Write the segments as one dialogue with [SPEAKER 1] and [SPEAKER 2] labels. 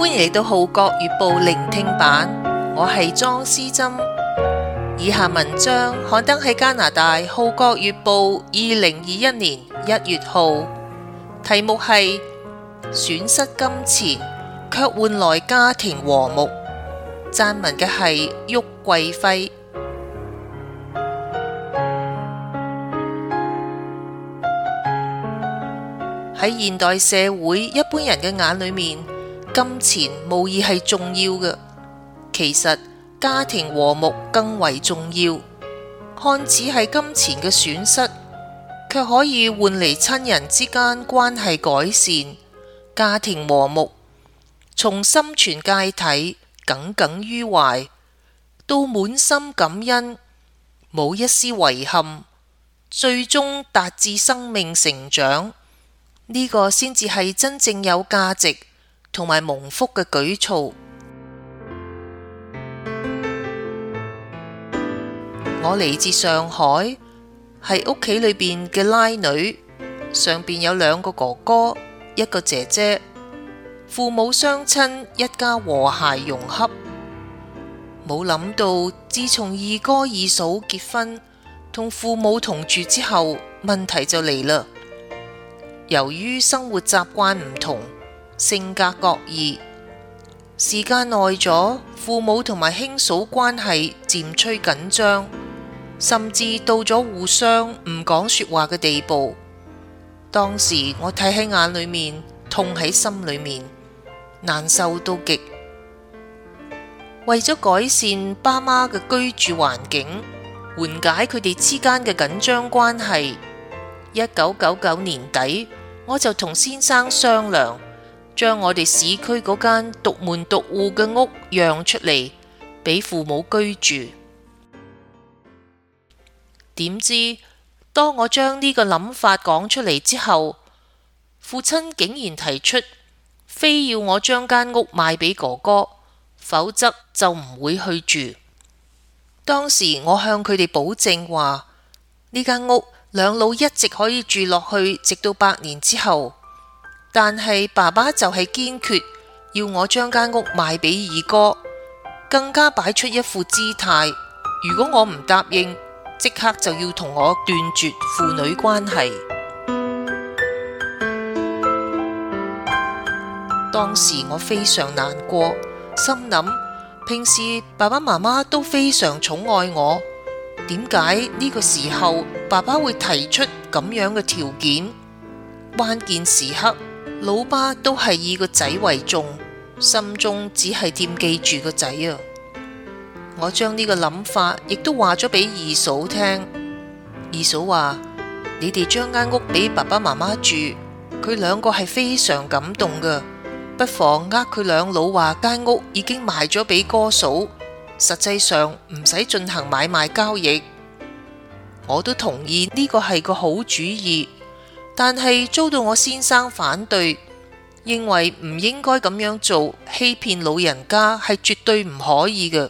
[SPEAKER 1] 歡迎嚟到《號角月報》聆聽版，我係莊思珍。以下文章刊登喺加拿大《號角月報》二零二一年一月號，題目係《損失金錢卻換來家庭和睦》，撰文嘅係郁貴輝。喺現代社會，一般人嘅眼裏面，金錢無疑係重要嘅，其實家庭和睦更為重要。看似係金錢嘅損失，卻可以換嚟親人之間關係改善、家庭和睦。從心存芥蒂、耿耿於懷，到滿心感恩，冇一絲遺憾，最終達至生命成長，呢個先至係真正有價值。同埋蒙福嘅舉措。我嚟自上海，係屋企裏邊嘅拉女，上邊有兩個哥哥，一個姐姐。父母雙親，一家和諧融洽。冇諗到，自從二哥二嫂結婚，同父母同住之後，問題就嚟啦。由於生活習慣唔同，性格各異，時間耐咗，父母同埋兄嫂關係漸趨緊張，甚至到咗互相唔講說話嘅地步。當時我睇喺眼裏面，痛喺心裏面，難受到極。為咗改善爸媽嘅居住環境，緩解佢哋之間嘅緊張關係，一九九九年底，我就同先生商量。將我哋市區嗰間獨門獨戶嘅屋讓出嚟俾父母居住。點知當我將呢個諗法講出嚟之後，父親竟然提出非要我將間屋賣俾哥哥，否則就唔會去住。當時我向佢哋保證話，呢間屋兩老一直可以住落去，直到百年之後。但係爸爸就係堅決要我將間屋賣俾二哥，更加擺出一副姿態。如果我唔答應，即刻就要同我斷絕父女關係。當時我非常難過，心諗平時爸爸媽媽都非常寵愛我，點解呢個時候爸爸會提出咁樣嘅條件？關鍵時刻，老爸都係以個仔為重，心中只係惦記住個仔啊！我將呢個諗法亦都話咗俾二嫂聽。二嫂話：你哋將間屋俾爸爸媽媽住，佢兩個係非常感動噶。不妨呃佢兩老話間屋已經賣咗俾哥嫂，實際上唔使進行買賣交易。我都同意呢個係個好主意。但係遭到我先生反對，認為唔應該咁樣做，欺騙老人家係絕對唔可以嘅。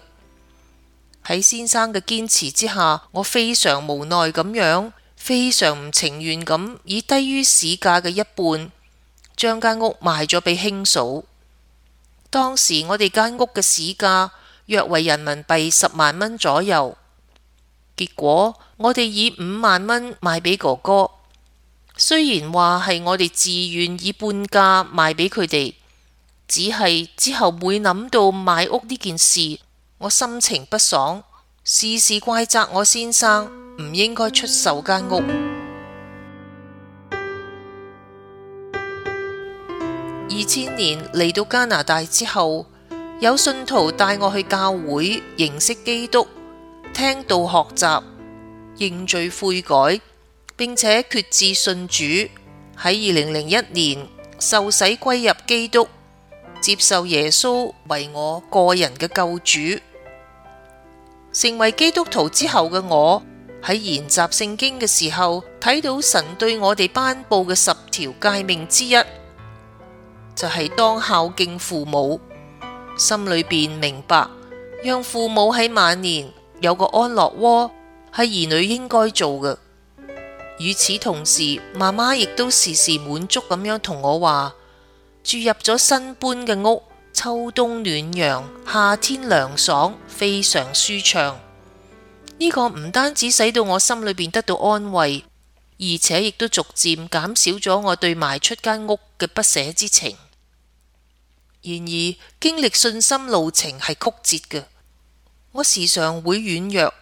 [SPEAKER 1] 喺先生嘅堅持之下，我非常無奈咁樣，非常唔情願咁，以低於市價嘅一半，將間屋賣咗俾兄嫂。當時我哋間屋嘅市價約為人民幣十萬蚊左右，結果我哋以五萬蚊賣俾哥哥。雖然話係我哋自願以半價賣畀佢哋，只係之後每諗到買屋呢件事，我心情不爽，事事怪責我先生唔應該出售間屋。二千年嚟到加拿大之後，有信徒帶我去教會認識基督，聽道學習認罪悔改。並且決志信主，喺二零零一年受洗歸入基督，接受耶穌為我個人嘅救主。成為基督徒之後嘅我喺研習聖經嘅時候，睇到神對我哋頒布嘅十條誡命之一，就係、是、當孝敬父母。心裏邊明白，讓父母喺晚年有個安樂窩，係兒女應該做嘅。與此同時，媽媽亦都時時滿足咁樣同我話，住入咗新搬嘅屋，秋冬暖陽，夏天涼爽，非常舒暢。呢個唔單止使到我心裏邊得到安慰，而且亦都逐漸減少咗我對賣出間屋嘅不捨之情。然而，經歷信心路程係曲折嘅，我時常會軟弱。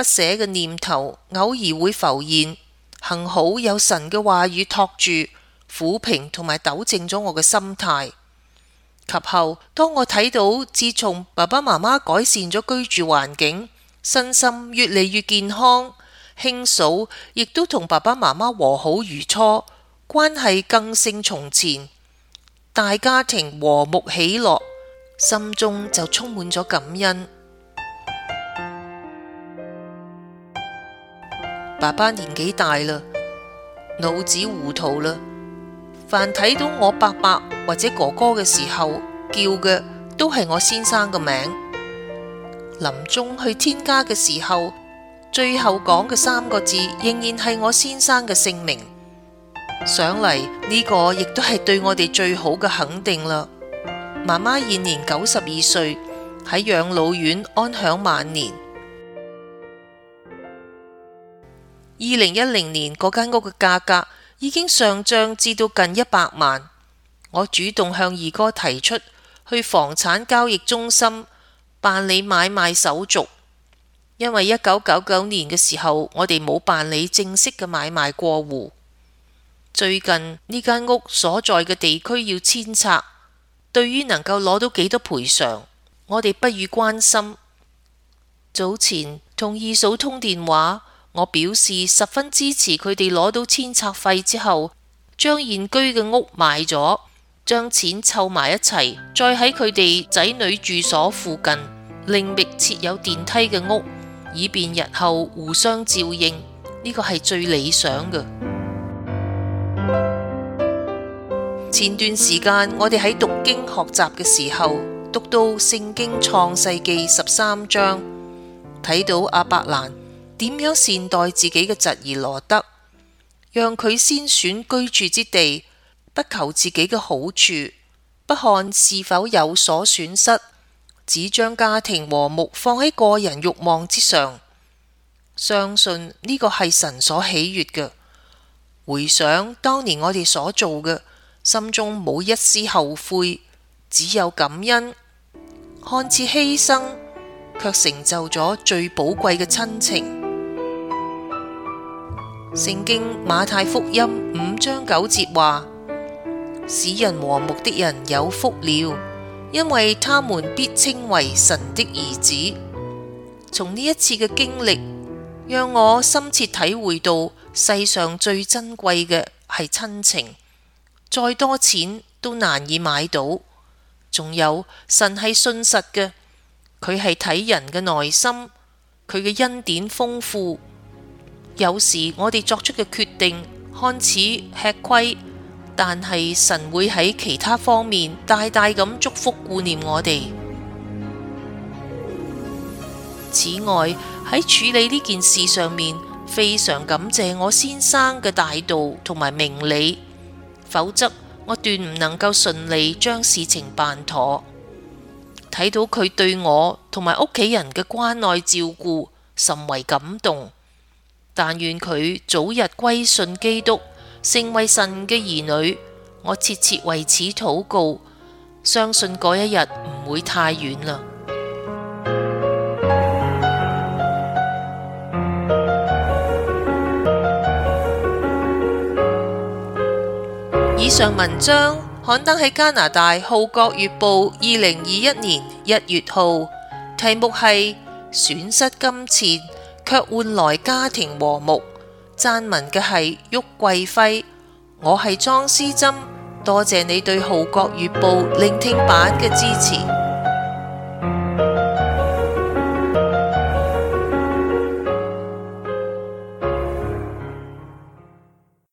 [SPEAKER 1] 不捨嘅念頭，偶爾會浮現。幸好有神嘅話語托住，撫平同埋糾正咗我嘅心態。及後，當我睇到自從爸爸媽媽改善咗居住環境，身心越嚟越健康，兄嫂亦都同爸爸媽媽和好如初，關係更勝從前，大家庭和睦喜樂，心中就充滿咗感恩。爸爸年紀大啦，腦子糊塗啦。凡睇到我伯伯或者哥哥嘅時候，叫嘅都係我先生嘅名。臨終去天家嘅時候，最後講嘅三個字仍然係我先生嘅姓名。想嚟呢個亦都係對我哋最好嘅肯定啦。媽媽現年九十二歲，喺養老院安享晚年。二零一零年嗰間屋嘅價格已經上漲至到近一百萬，我主動向二哥提出去房產交易中心辦理買賣手續，因為一九九九年嘅時候我哋冇辦理正式嘅買賣過戶。最近呢間屋所在嘅地區要遷拆，對於能夠攞到幾多賠償，我哋不予關心。早前同二嫂通電話。我表示十分支持佢哋，攞到遷拆費之後，將現居嘅屋賣咗，將錢湊埋一齊，再喺佢哋仔女住所附近另覓設有電梯嘅屋，以便日後互相照應。呢個係最理想嘅。前段時間我哋喺讀經學習嘅時候，讀到聖經創世記十三章，睇到阿伯蘭。點樣善待自己嘅侄兒羅德，讓佢先選居住之地，不求自己嘅好處，不看是否有所損失，只將家庭和睦放喺個人慾望之上。相信呢個係神所喜悅嘅。回想當年我哋所做嘅，心中冇一絲後悔，只有感恩。看似犧牲，卻成就咗最寶貴嘅親情。聖經馬太福音五章九節話：使人和睦的人有福了，因為他們必稱為神的兒子。從呢一次嘅經歷，讓我深切體會到世上最珍貴嘅係親情，再多錢都難以買到。仲有神係信實嘅，佢係睇人嘅內心，佢嘅恩典豐富。有時我哋作出嘅決定看似吃虧，但係神會喺其他方面大大咁祝福顧念我哋。此外，喺處理呢件事上面，非常感謝我先生嘅大度同埋明理，否則我斷唔能夠順利將事情辦妥。睇到佢對我同埋屋企人嘅關愛照顧，甚為感動。但願佢早日歸信基督，成為神嘅兒女。我切切為此禱告，相信嗰一日唔會太遠啦。以上文章刊登喺加拿大《號角月報》二零二一年一月號，題目係《損失金錢》。卻換來家庭和睦。撰文嘅係郁貴輝，我係莊思珍，多謝你對《號角月報聆聽版》嘅支持。